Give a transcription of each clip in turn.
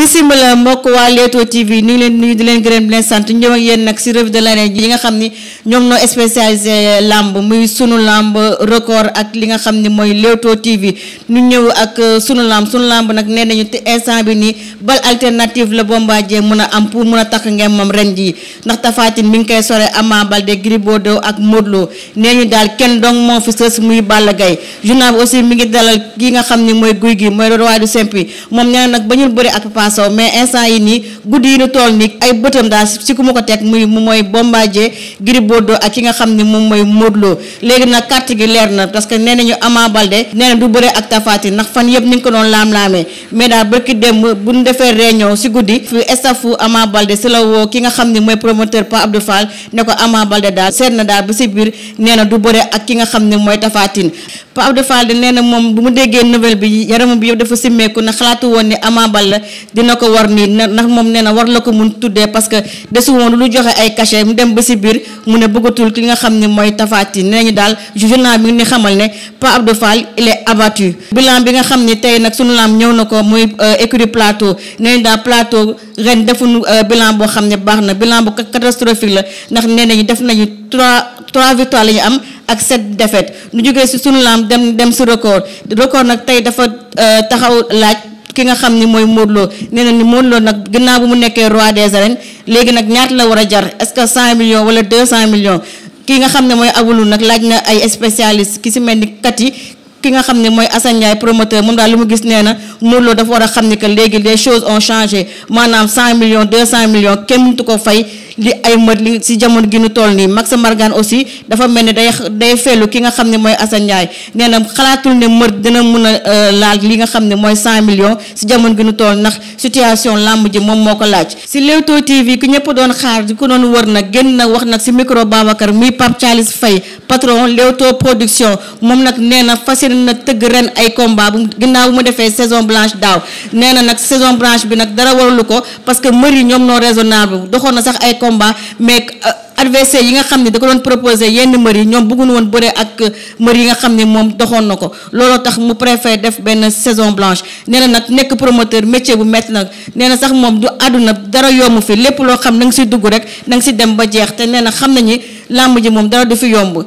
bisimila mbokk waa Leewtoo TV ñu ngi leen nuyu leen gërëm di leen sant ñëw ak nag si revue de l'arène yi nga xam ni ñoom noo spécialisé lamb muy sunu lamb record ak li nga xam ni mooy Leewtoo TV ñu ñëw ak euh, sunu lamb sunu lamb nag nee nañu te instant bi nii bal alternative la bomba Bombardier mun a am pour mun a tax ngeen moom ren ji ndax Tapha Tine mi ngi koy sore Ama Baldé Gris Bordeaux ak Modou Lo nee ñu daal kenn dong moo fi sës muy Balla Gaye journal bi aussi mi ngi Papa Sow mais instant yi nii guddi yi ñu tool nii ay bëtam daal si ku ma ko teg muy mu mooy Bombardier Gris ak ki nga xam ne moom mooy Modou léegi nag carte gi leer na parce que nee nañu Ama Baldé nee na du bëre ak Tapha Tine ndax fan yëpp ñu defee réunion ki nga xam ne mooy promoteur Pa Abdou Fall ne ko Ama Baldé daal seet na daal nee na du bëre ak ki nga xam ne mooy Tapha Tine Pa Abdou de nee na moom bu mu déggee nouvelle bi yaramam bi yëpp dafa simmeeku na xalaatu woon ne Ama Baldé dina ko war nii ndax moom nee na war la ko mun tuddee parce que desu joxe ay cachet mu xam ne mooy tafaati nee nañu daal journal bi ni Pa Abdou Fall il est euh, euh, boo xam ne baax na bilan bu catastrophique la ndax nee nañu def nañu trois trois victoires la ñu am ak sept défaites ñu si sunu laam dem dem si record record nag tey dafa euh, taxaw laaj ki nga xam ni mooy Modou Lo nee na ni Modou nag ginnaaw bu mu nekkee roi des arènes léegi nag ñaata la war a jar est-ce que 100 millions wala 200 millions ki nga xam ne mooy abulu nag laaj na ay spécialiste ki si mel ni kat yi ki nga xam ne mooy Assane Ndiaye promoteur moom daal li mu gis nee na Modou dafa war a xam ni que léegi les choses ont changé maanaam cent million millions cent millions kenn mëntu ko fay. li ay mët li si jamono gi ñu toll nii Max Margan aussi dafa mel ni day day fellu ki nga xam ne mooy Assane Ndiaye nee xalaatul ne mët dina mun a euh, laal li nga xam ne mooy cent million si jamono gi ñu tool ndax situation làmb ji moom moo ko laaj si Leewtoo TV ki ñëpp doon xaar di ko doon wër nag génn nag wax nag si micro Babacar muy Pape Thialis Faye patron Leewtoo production moom nag nee na fas yéene na tëgg ren ay combat bu ginnaaw bu mu defee saison blanche daaw nee na nag saison blanche bi nag dara waralu ko parce que combat mais euh, adversaire yi nga xam ne da ko doon proposé yenn mbër yi ñoom bëgguñu woon bëre ak euh, mbër yi nga xam ne moom doxoon na ko looloo tax mu préfère def benn saison blanche nee nag nekk promoteur métier bu métti nag nee na sax moom du àdduna dara yomb fi lépp loo xam na nga dugg rek na nga si dem ba jeex te nee na xam nañu làmb ji moom dara du fi yomb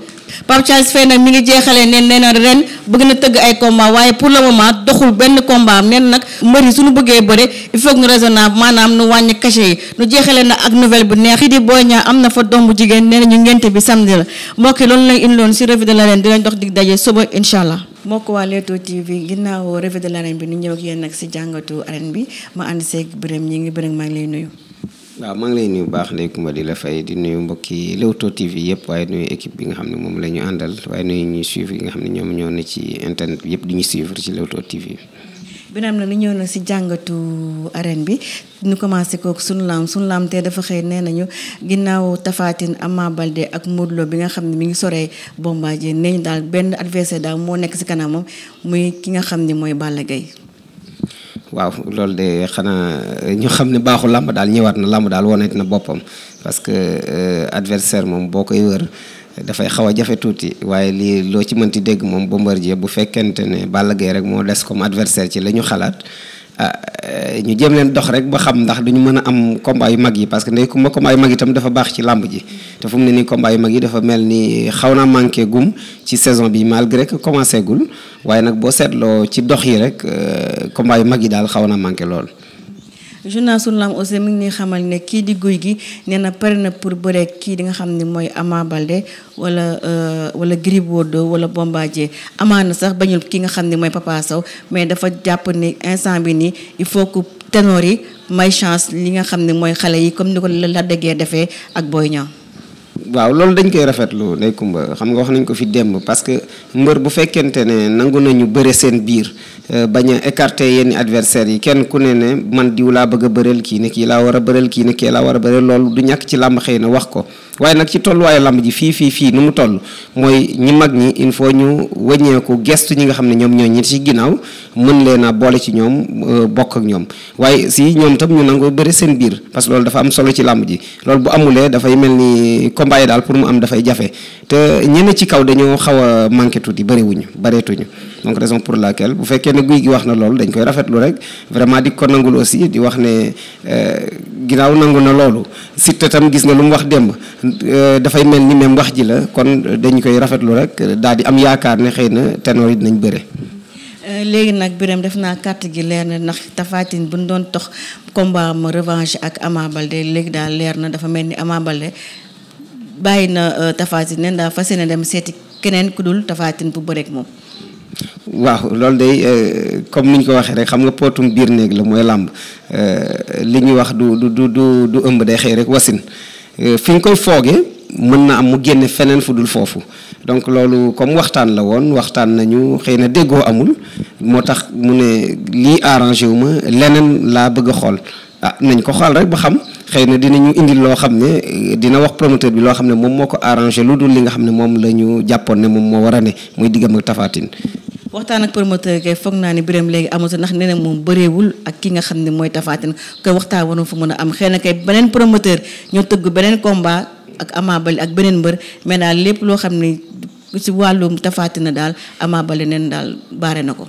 Pape Thialis Faye nag mi ngi jeexalee neen nee na ren bëgg na tëgg ay combat waaye pour la moment doxul benn combat nen neen nag mbër yi suñu bëggee bëre il faut que ñu maanaam nu wàññi cachet yi nu jeexalee na ak nouvelle bu neex yi di Boy Niang am na fa doom jigéen nee na ñu ngente bi samedi la mbokk yi loolu lañ indiloon si revue de l'arène di lañ dox dig daje suba incha allah mbokk waa Leewtoo TV ginnaaw revue de l'arène bi nu ñëw ak yéen nag si jàngatu arène bi ma ànd seeg Birame ñi ngi Birame maa ngi lay nuyu waaw maa ngi lay nuyu bu baax léegi ma di la fay di nuyu mbokki Leewtoo TV yëpp waaye nuyu équipe bi nga xam ne moom la ñu àndal waaye nuyu ñuy suivre yi nga xam ne ñoom ñoo ne ci internet bi yëpp di ñu suivre ci Leewtoo TV. binaam na li ñëw na si jàngatu arène bi ñu commencé kook sunu laam sunu laam te dafa xëy nee nañu ginnaaw tafaatin Ama Baldé ak Modou Lo bi nga xam ne mi ngi soree Bombardier nee ñu daal benn adversaire daal moo nekk si kanamam muy ki nga xam ni mooy Balla Gaye waaw loolu de xanaa euh, ñu xam ne baaxu làmb daal ñëwaat na làmb daal woneet na boppam parce que euh, adversaire moom boo koy wër dafay xaw a jafe tuuti waaye lii loo ci mënti dégg moom Bombardier bu fekkente ne Balla Gaye rek moo des comme adversaire ci la ñu xalaat Euh, ñu jëm leen dox rek ba xam ndax duñu mën a am combat yu mag yi parce que ndey ku ma mag yi itam dafa baax ci làmb ji te fu ne nii combat mag yi dafa mel ni xaw naa manqué gum ci saison bi mal que commencé gul waaye nag boo seetloo ci dox yi rek euh, combat yu mag yi daal xaw naa manqué lool. journal sunu lamb aussi mi ngi xamal ne kii di guy gi nee na pare na pour bëreek kii di nga xam ne mooy Ama Balde wala euh, wala Gris Bordeaux wala Bombardier amaana sax bañul ki nga xam ne mooy Papa mais dafa jàpp ni instant bi nii il faut que ténor yi may chance li nga xam ne mooy xale yi comme ni ko la déggee defee ak Boy ñam waaw loolu dañ koy rafetlu ndey Kumba xam nga wax nañ ko fi démb parce que mbër bu fekkente ne nangu nañu bëre seen biir euh, bañ a écarter yenn adversaires yi kenn ku ne ne man diw laa bëgg a kii ne kii laa war a bëreel kii ne kii laa war a bëreel loolu du ñàkk ci làmb xëy na wax ko waaye nag ci tolluwaayu làmb ji fii fii fii nu mu toll mooy ñi mag ñi il faut ñu wëññeeku gestu ñi nga xam ne ñoom ñoo ñi ci ginnaaw mën leen a boole ci ñoom euh, bokk ak ñoom waaye si ñoom tam ñu nangoo bëri seen biir parce que loolu dafa am solo ci làmb ji loolu bu amulee dafay mel ni combat daal pour mu am dafay jafe te ñenn ci kaw dañoo xaw a manqué tuuti bëriwuñu bareetuñu donc raison pour la laquelle bu fekkee ne guy gi wax na loolu dañ koy rafetlu rek vraiment di ko nangul aussi di wax ne euh, ginnaaw nangu na loolu Siteu tam gis nga lu mu wax démb euh, dafay mel ni même wax ji la kon dañ koy rafetlu rek daal di am yaakaar ne xëy na ténor yi dinañ bëre. Euh, léegi nag Birame def naa carte gi leer na ndax tafaatin Tine bu ñu doon tox combat ma revanche ak Ama Baldé léegi daal leer na dafa mel ni Ama Baldé bàyyi na euh, Tapha Tine nen daa fas yéene dem seeti keneen ku dul Tapha bu bëreek moom. waaw loolu day euh, comme ni ñu ko waxee rek xam nga pootum biir néeg la mooy làmb euh, li ñuy wax du du du du ëmb day xëy rek wasin euh, fi nga koy foogee mën na am mu génne feneen fu dul foofu donc loolu comme waxtaan la woon waxtaan nañu xëy na déggoo amul moo tax mu ne lii arrangé wu ma leneen laa bëgg a xool ah nañ ko xaal rek ba xam xëy na dinañu indi loo xam ne dina wax promoteur bi loo xam ne moom moo ko arrangé lu dul li nga xam ne moom la ñu jàppoon ne moom moo war a ne muy diggam ak waxtaan ak promoteur kay foog naa ni biram léegi amatu ndax nee na moom bëreewul ak ki nga xam ne mooy tafaatin koy waxtaan waroon fa mën a am xëy na kay beneen promoteur ñoo tëgg beneen combat ak Ama ak beneen mbër mais daal lépp loo xam ni si wàllum tafaatina daal Ama Baldé neen daal baare na ko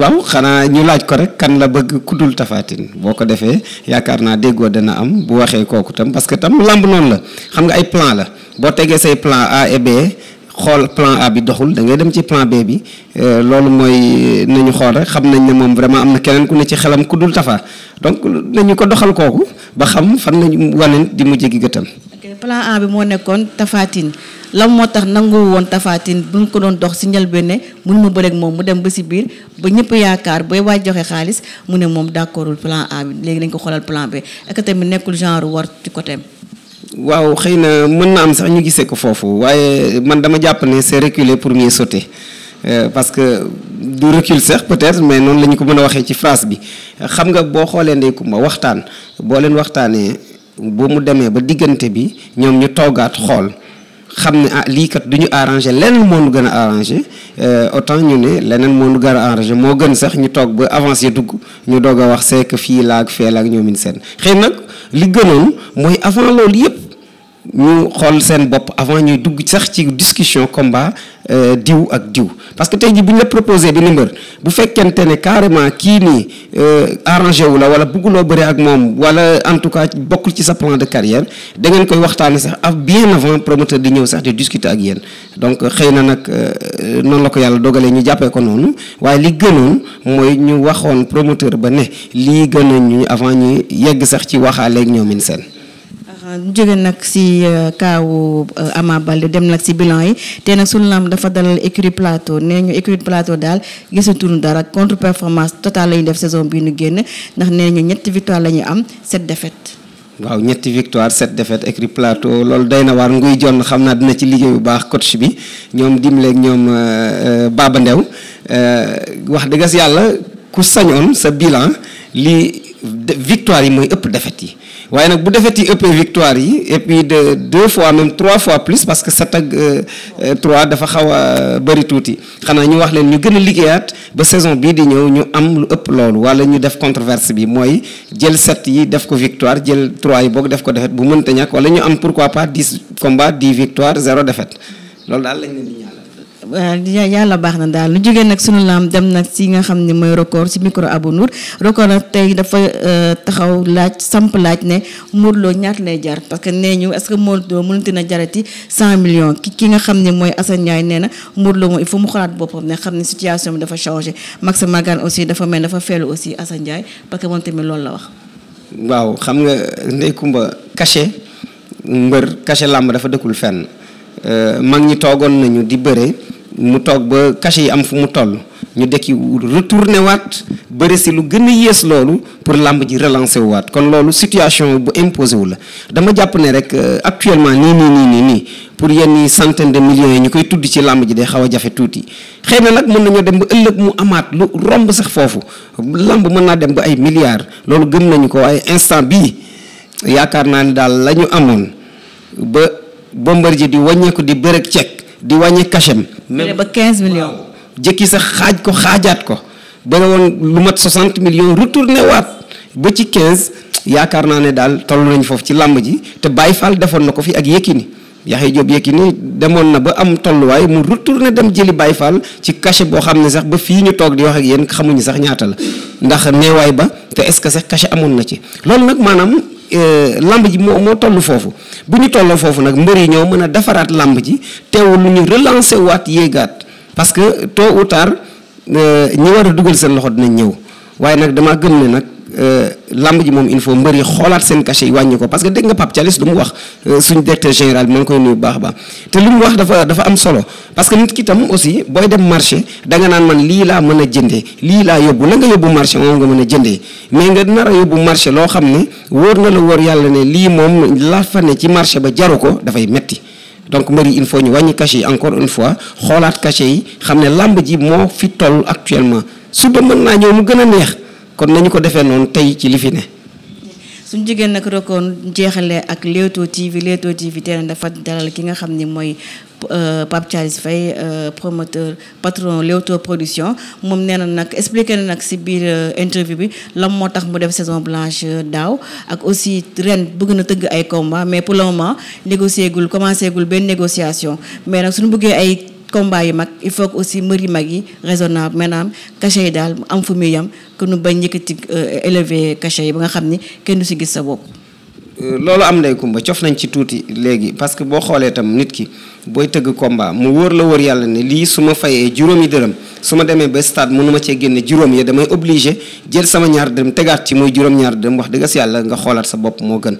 waaw xanaa ñu laaj ko rek kan la bëgg kuddul tafaatin boo ko defee yaakaar naa déggoo dana am bu waxee kooku tam parce que tam lamb noonu la xam nga ay plan la boo tegee say plan A xool plan A bi doxul da ngay dem ci plan B bi euh, loolu mooy nañu xool rek xam nañ ne moom vraiment am na keneen ku ne ci xelam ku dul tafaa donc nañu ko doxal kooku ba xam fan nañu waneen di mujj gi gëtam. plan A bi moo nekkoon tafaatin Tine lan moo tax nangu woon tafaatin bu nga ko doon dox si njëlbéen ne mun ma bëreeg moom mu dem ba si biir ba ñëpp yaakaar bay waaj joxe xaalis mu ne moom d'accordul plan A bi léegi dañ ko xoolal plan B ak tamit nekkul genre war ci côté waaw xëy na mën na am sax ñu gisee ko foofu waaye man dama jàpp ne c'est reculer pour mieux sauter euh, parce que du recul sax peut-être mais noonu la ñu ko mën a waxee ci phrase bi xam nga boo xoolee ndey kumba waxtaan boo leen waxtaanee bu mu demee ba diggante bi ñoom ñu toggaat xool xam ne ah lii kat du ñu arrangé leneen moo nu gën a arrangé euh, autant ñu ne leneen moo nu gën a arrangé moo gën sax ñu toog ba avancé dugg ñu doog a wax c'est fii fii laag fee ak ñoomin seen xëy nag li gënoon mooy avant loolu yëpp. ñu xool seen bopp avant ñuy dugg sax ci discussion combat euh, diw ak diw parce que tey jii bu ñu la proposé benn mbër bu fekkente ne carrément kii nii euh, arrangé wu la wala bugguloo bëri ak moom wala en tout cas bokkul ci sa plan de carrière da ngeen koy waxtaanee sax ah bien avant promoteur di ñëw sax di discuter ak yéen donc euh, xëy na nag noonu la ko yàlla dogalee ñu jàppee ko noonu waaye li gënoon mooy ñu waxoon promoteur ba ne lii gën a ñu avant ñuy yegg sax ci waxaaleeg ñoomin seen ñu jóge nag si euh, kaawu euh, Ama Baldé dem nag si bilan yi te nag suñu lamb dafa dalal écurie plateau nee ñu écurie plateau daal gisatuñu dara contre performance totale la ñu def saison bii nu génn ndax nee ñu ñetti victoire la ñu am sept défaites. waaw ñetti victoire sept défaites écrit plateau loolu day na waar nguy jonn xam naa dina ci liggéey bu baax coach bi ñoom dimbaleeg ñoom euh, Baba Ndew wax dëggas yàlla ku sañoon sa bilan li victoire yi mooy ëpp défaite yi waaye nag bu défaite yi ëppee victoire yi et puis de deux fois même trois fois plus parce que sept ak euh, trois dafa xaw bari bëri tuuti xanaa ñu wax leen ñu gën a liggéeyaat ba saison bii di ñëw ñu am lu ëpp loolu wala ñu def controverse bi mooy jël sept yi def ko victoire jël trois yi boog def ko défaite bu mënta ñàkk wala ñu am pourquoi pas dix combats dix victoire zéro defet loolu daal lañ leen di ñaan yàlla baax na daal lu jógee nag sunu laam dem nag si nga xam ne mooy record si micro Abou Nour record nag tey dafa euh, taxaw laaj samp laaj ne Modou Lo ñaata lay jar parce que nee ñu est que Modou Lo na jarati cent millions ki ki xam ne mooy Assane Ndiaye nee na Modou Lo mu xalaat boppam ne xam ne situation bi dafa changé Max Magane aussi dafa mel dafa feelu aussi Assane Ndiaye parce que moom tamit loolu la wax. waaw xam nga Ndeye Kumba cachet mbër kache làmb dafa dëkkul fenn euh, mag ñi toogoon nañu di bëre. mu toog ba cachet yi am fu mu toll ñu dekki retourné waat bëri si lu gën a yées loolu pour làmb ji relancer wu kon loolu situation bu imposé wu la dama jàpp ne rek euh, actuellement nii nii nii pour yenn centaine de millions yi ñu koy tudd ci làmb ji day xaw a jafe tuuti xëy na nag mën nañoo dem ba ëllëg mu amaat lu romb sax foofu làmb mën naa dem ba ay milliards loolu gëm nañu ko ay instant bii yaakaar naa ne daal lañu amoon ba Bombardier di wàññeeku di bërëg cek di wàññi cachem. même ba 15 millions. jëkki sax xaaj ko xaajaat ko ba ne woon lu mat 60 millions retourné waat ba ci quinze yaakaar naa ne daal toll nañu foofu ci làmb ji te Baye Fall defoon na ko fii ak Yékini Yaxya Jóob Yékini demoon na ba am tolluwaay mu retourné dem jëli Baay Faal ci cachet boo xam ne sax ba fii ñu toog di wax ak yéen xamuñu sax ñaata la ndax neewaay ba te est-ce que sax cachet amoon na ci loolu nag maanaam euh, lamb ji moo moo tollu foofu bu ñu tolloo foofu nag mbër yi ñoo mën a defaraat lamb ji teewul lu ñu relancer waat yéegaat parce que tôt ou tard euh, ñi war a dugal seen loxo dinañ ñëw waaye nag damaa gën ne nag Euh, lamb ji moom il faut mbëri xoolaat seen cachet yi wàññi ko parce que dégg nga Pape Thialis lu mu wax euh, suñ directeur général bi ma koy nuyu baax a te lu mu wax dafa dafa am solo parce que nit ki tam aussi booy dem marché danga nga naan man lii laa mën a jëndee lii laa yóbbu la nga yóbbu marché moom nga mën a jëndee mais nga nar a yóbbu marché loo xam ne wóor na la wóor yàlla ne lii moom la fa ne ci marché ba jaru ko dafay metti donc mbëri il faut ñu wàññi cachet yi encore une fois xoolaat cachet xam ne lamb ji moo fi toll actuellement suba mën gën a neex kon nañu ko defee noonu tey ci li fi ne. suñu jigéen nag rekoon jeexalee ak Leewtoo TV Leewtoo TV tey dafa dalal ki nga xam ni mooy euh, Pape Thialis Faye euh, promoteur patron Leewtoo production moom nee na nag expliqué na nag si biir euh, interview bi lam moo tax mu def saison blanche daaw ak aussi ren bëgg na tëgg ay combat mais pour le gul commencé gul benn négociation mais nag suñu bëggee ay. combat yi mag il faut que aussi mbër yi mag yi raisonnable maanaam cachet yi daal am fu muy yam que ba bañ yëkkati euh, élevé cachet yi ba nga xam ni kenn du si gis sa bopp. Euh, loolu am ndey kumba cof nañ ci tuuti léegi parce que boo xoolee tam nit ki booy tëgg combat mu wóor la wóor yàlla ne lii su ma fayee juróomi dërëm su ma demee ba stade mënu ma cee génne juróom ya damay obligé jël sama ñaar dërëm tegaat ci muy juróom-ñaar dërëm wax dëgg si yàlla nga xoolaat sa bopp moo gën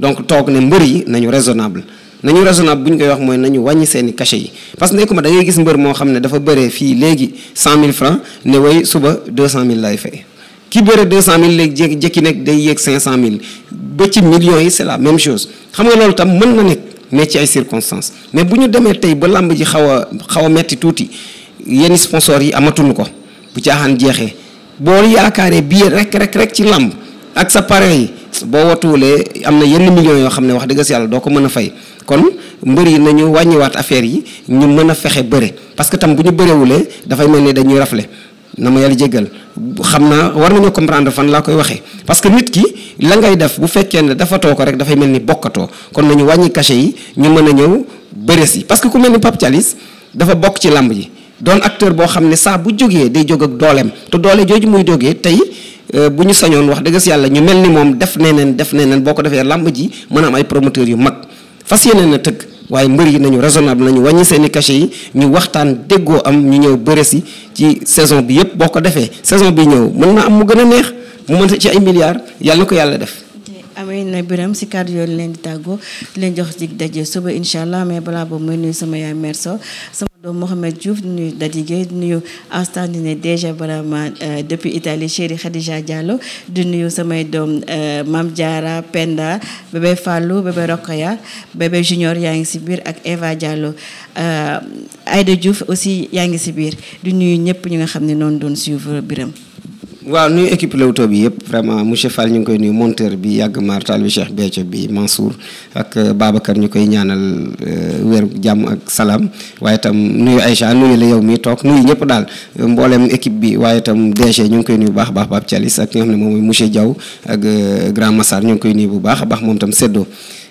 donc toog ne mbër yi nañu raisonnable. nañu raisonnable bu ñu koy wax mooy nañu wàññi seeni i cachet yi parce que nekkuma da ngay gis mbër moo xam ne dafa bëree fii léegi 100000 francs ne way suba mille lay fay ki bëre 200000 léegi jékki jékki nekk day yéeg 500000 ba ci millions yi c'est la même chose xam nga loolu tam mën na nekk mais ci ay circonstances ne bu ñu demee tey ba làmb ji xaw a xaw a metti tuuti yenn sponsors yi amatuñu ko bu caaxaan jeexee boo yaakaaree billet rek rek rek ci làmb ak sa parrain yi boo watuwulee am na yenn millions yoo xam ne wax dëgg si yàlla doo ko mën a fay kon mbër yi nañu wàññiwaat affaire yi ñu mën a fexe bëre parce que tam bu ñu bërewulee dafay mel ni dañuy rafle na ma yàlla jéggal xam naa war nañoo comprendre fan laa koy waxee parce que nit ki la ngay def bu fekkee ne dafa ko rek dafay mel ni bokkatoo kon nañu wàññi cachet yi ñu mën a ñëw bëre si parce que ku mel ni Pape Thialis dafa bokk ci làmb ji doon acteur boo xam ne saa bu jógee day jóg ak dooleem te doole jooju muy jógee tey euh, bu ñu sañoon wax dëgg si yàlla ñu mel ni moom def neneen def neneen boo ko defee làmb ji mën ay promoteur yu mag fas yéene na tëgg waaye mbër yi nañu raisonnable nañu wàññi seen i cachet yi ñu waxtaan déggoo am ñu ñëw bëre si ci saison bi yëpp boo ko defee saison bi ñëw mën na am mu gën a neex mu mën ci ay milliards yàlla ko yàlla def. amee na biram si kàddu yoon leen di tàggoo leen jox ci daje suba incha mais balaa boobu may nuyu sama yaay mère donc Mohamed Diouf di nuyu Dadigé di nuyu Astandine déjà vraiment euh, depuis Italie chéri Khadija Diallo di nuyu samay doom euh, Mam Diara Penda bébé Fallou bébé Rokhaya bébé Junior yaa ngi si biir ak Eva Diallo euh, Aïda Diouf aussi yaa ngi si biir di nuyu ñëpp ñu nga xam ne noonu doon suivre biram waaw nuyu équipe Leewtoo bi yëpp vraiment monsieur Fall ñu ngi koy nuyu monteur bi yàgg maar taalibi Cheikh Béthio bi Mansour ak euh, Babacar ñu koy ñaanal euh, wér jàmm ak salaam waaye tam nuyu Aïcha nuyu la yow mi toog nuyu ñëpp daal mboolem équipe bi waaye tam DG ñu ngi koy nuyu bu baax a baax Pape Thialis ak ki nga xam ne moom mooy monsieur Diaw ak euh, Grand Massar ñu ngi koy nuyu bu baax a baax moom tam séddoo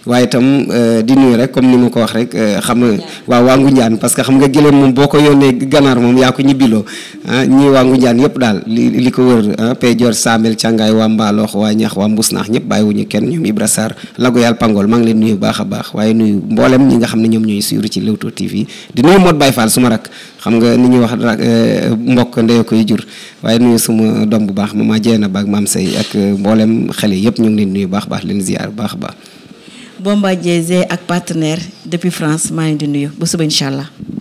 waaye itam euh, di nuyu rek comme ni ma ko wax rek euh, xam nga waaw waa Ngunjaan parce que xam nga gëléem moom boo ko yónnee ganaar moom yaa ko ñibbiloo ah ñii waa Ngunjaan yëpp daal li li ko wër ah, Péjoor Saamel Càngaay waa Mbaaloox waa Ñax waa Mbusnaax wu ñu kenn ñoom Ibra Sarr lago yàlla Pangol maa ngi leen nuyu baax a baax waaye nuyu mboolem ñi nga xam ne ñoom ñooy suivre ci Leewtoo TV di nuyu Modou Baye Fall suma rak xam nga ni ñuy wax euh, mbokk ndey koy jur waaye nuyu suma doom bu baax mama jeena baag maam say ak mboolem xale yëpp ñu ngi leen nuyu baax baax leen ziar baax baax Bombardier ak partenaire depuis France maa ngi di nuyu ba suba allah.